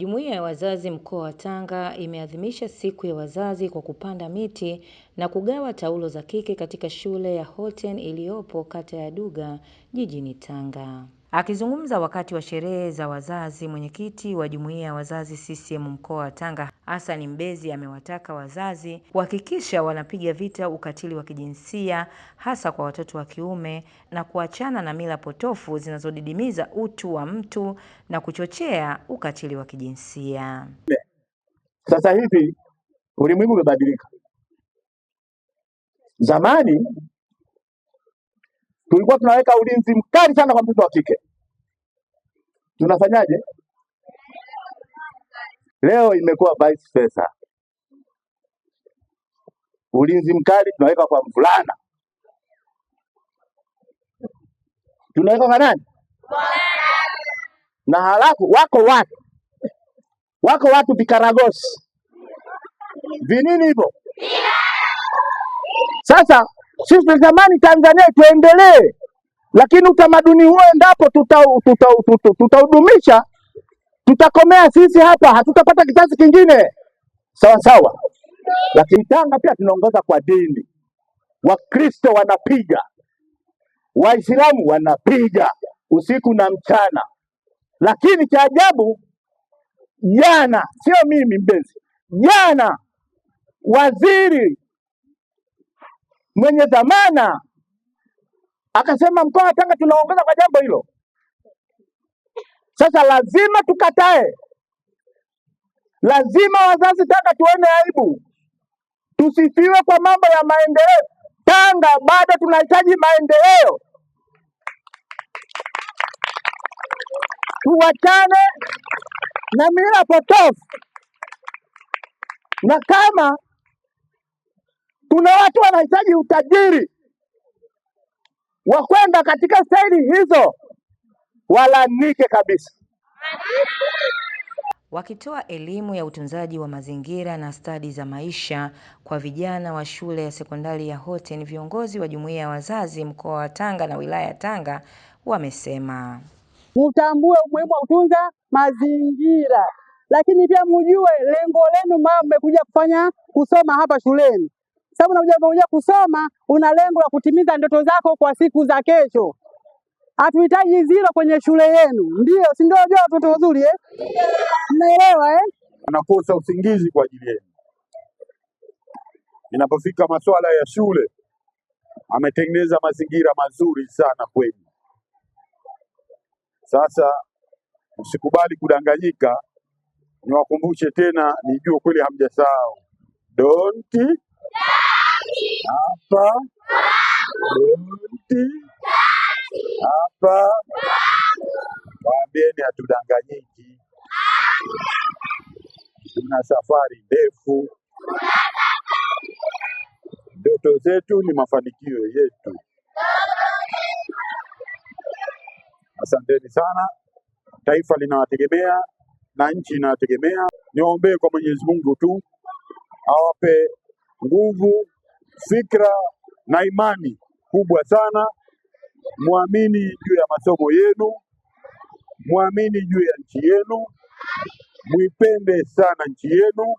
Jumuiya ya wazazi mkoa wa Tanga imeadhimisha siku ya wazazi kwa kupanda miti na kugawa taulo za kike katika shule ya Holten iliyopo kata ya Duga jijini Tanga. Akizungumza wakati wa sherehe za wazazi, mwenyekiti wa jumuiya ya wazazi CCM mkoa wa Tanga hasani Mbezi amewataka wazazi kuhakikisha wanapiga vita ukatili wa kijinsia hasa kwa watoto wa kiume na kuachana na mila potofu zinazodidimiza utu wa mtu na kuchochea ukatili wa kijinsia. Sasa hivi ulimwengu umebadilika. Zamani tulikuwa tunaweka ulinzi mkali sana kwa mtoto wa kike. Tunafanyaje? leo imekuwa vice versa. Ulinzi mkali tunaweka kwa mvulana, tunaweka kwa nani? Na halafu wako watu wako watu vikaragosi vinini hivyo. Sasa sisi tunatamani Tanzania tuendelee, lakini utamaduni huo endapo tutaudumisha tuta, tuta, tuta tutakomea sisi hapa, hatutapata kizazi kingine sawa sawa. Lakini Tanga pia tunaongoza kwa dini. Wakristo wanapiga, Waislamu wanapiga usiku na mchana, lakini cha ajabu, jana, sio mimi mbezi jana waziri mwenye dhamana akasema mkoa wa Tanga tunaongoza kwa jambo hilo. Sasa lazima tukatae, lazima wazazi Tanga tuone aibu, tusifiwe kwa mambo ya maendeleo. Tanga bado tunahitaji maendeleo, tuwachane na mila potofu, na kama kuna watu wanahitaji utajiri wa kwenda katika staili hizo wala nike kabisa. Wakitoa elimu ya utunzaji wa mazingira na stadi za maisha kwa vijana wa shule ya sekondari ya Hoten, viongozi wa jumuiya ya wazazi mkoa wa Tanga na wilaya ya Tanga wamesema mtambue umuhimu wa kutunza mazingira, lakini pia mjue lengo lenu, mama mmekuja kufanya kusoma hapa shuleni, sababu unakuja kusoma, una lengo la kutimiza ndoto zako kwa siku za kesho hatuhitaji zero kwenye shule yenu, ndio si ndio? Ndio watoto wazuri eh, mnaelewa eh? Wanakosa usingizi kwa ajili yenu. Inapofika masuala ya shule, ametengeneza mazingira mazuri sana kwenu. Sasa usikubali kudanganyika. Niwakumbushe tena, nijue kweli hamjasahau Don't hapa donti hapa waambieni hatudanganyiki, tuna safari ndefu. Ndoto zetu ni mafanikio yetu. Asanteni sana. Taifa linawategemea na nchi inawategemea. Niwaombee kwa Mwenyezi Mungu tu awape nguvu, fikra na imani kubwa sana Mwamini juu ya masomo yenu, mwamini juu ya nchi yenu, mwipende sana nchi yenu,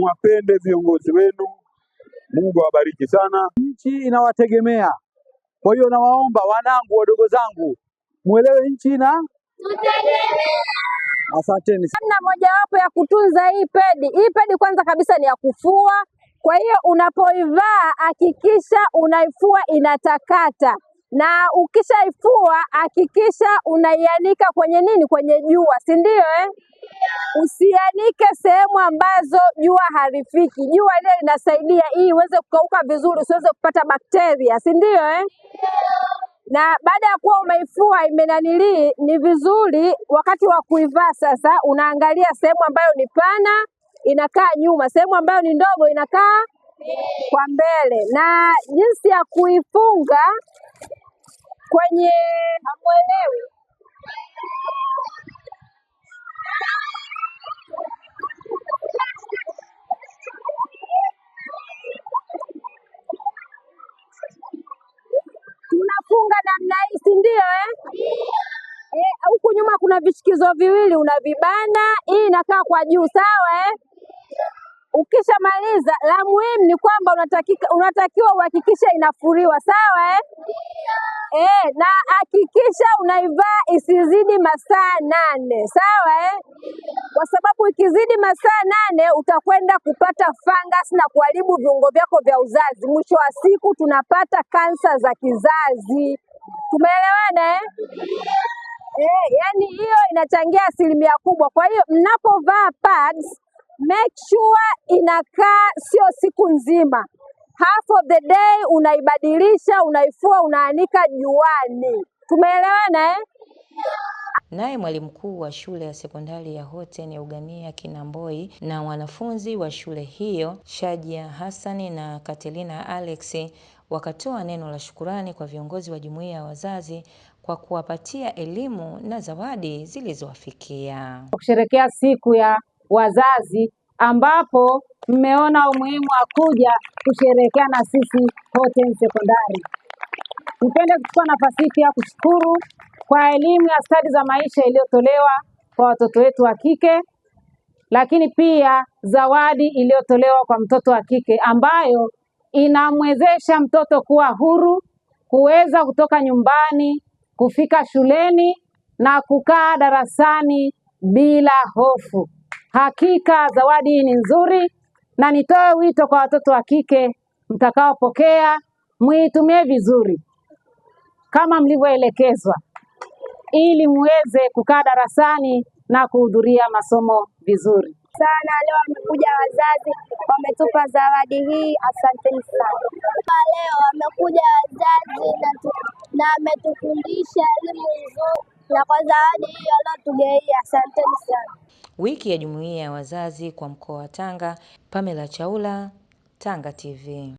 mwapende viongozi wenu. Mungu awabariki sana. Nchi inawategemea. Kwa hiyo nawaomba wanangu, wadogo zangu, mwelewe nchi na asanteni. Namna mojawapo ya kutunza hii pedi, hii pedi kwanza kabisa ni ya kufua. Kwa hiyo unapoivaa hakikisha unaifua inatakata na ukishaifua hakikisha unaianika kwenye nini? Kwenye jua, si ndio eh? Usianike sehemu ambazo jua halifiki. Jua ile linasaidia hii iweze kukauka vizuri, usiweze kupata bakteria, si ndio eh? na baada ya kuwa umeifua imenanilii, ni vizuri wakati wa kuivaa sasa, unaangalia sehemu ambayo ni pana inakaa nyuma, sehemu ambayo ni ndogo inakaa kwa mbele, na jinsi ya kuifunga kwenye hamwelewi. Tunafunga namna hii, si ndio eh? eh huku nyuma kuna vishikizo viwili unavibana, hii inakaa kwa juu, sawa eh? Ukishamaliza, la muhimu ni kwamba unatakiwa uhakikishe inafuriwa, sawa eh? eh, na hakikisha unaivaa isizidi masaa nane, sawa eh? Kwa sababu ikizidi masaa nane utakwenda kupata fungus na kuharibu viungo vyako vya uzazi. Mwisho wa siku tunapata kansa za kizazi. Tumeelewana eh? Eh, yani hiyo inachangia asilimia kubwa. Kwa hiyo mnapovaa pads make sure inakaa sio siku nzima half of the day unaibadilisha, unaifua, unaanika juani. Tumeelewana eh? Naye mwalimu mkuu wa shule ya sekondari ya Hoten ya Ugania Kinamboi na wanafunzi wa shule hiyo Shajia hasani na Katelina Alex wakatoa neno la shukurani kwa viongozi wa jumuiya ya wazazi kwa kuwapatia elimu na zawadi zilizowafikia. Kusherekea siku ya wazazi ambapo mmeona umuhimu wa kuja kusherehekea na sisi hote Sekondari. Nipende kuchukua nafasi hii pia kushukuru kwa elimu ya stadi za maisha iliyotolewa kwa watoto wetu wa kike, lakini pia zawadi iliyotolewa kwa mtoto wa kike ambayo inamwezesha mtoto kuwa huru, kuweza kutoka nyumbani, kufika shuleni na kukaa darasani bila hofu. Hakika zawadi hii ni nzuri, na nitoe wito kwa watoto wa kike mtakaopokea, muitumie vizuri kama mlivyoelekezwa, ili muweze kukaa darasani na kuhudhuria masomo vizuri sana. Leo wamekuja wazazi, wametupa zawadi hii, asanteni sana. Leo wamekuja wazazi na ametufundisha elimu nzuri na kwa zawadi hiyo alotugei, asanteni sana. Wiki ya Jumuiya ya Wazazi kwa Mkoa wa Tanga. Pamela Chaula, Tanga TV.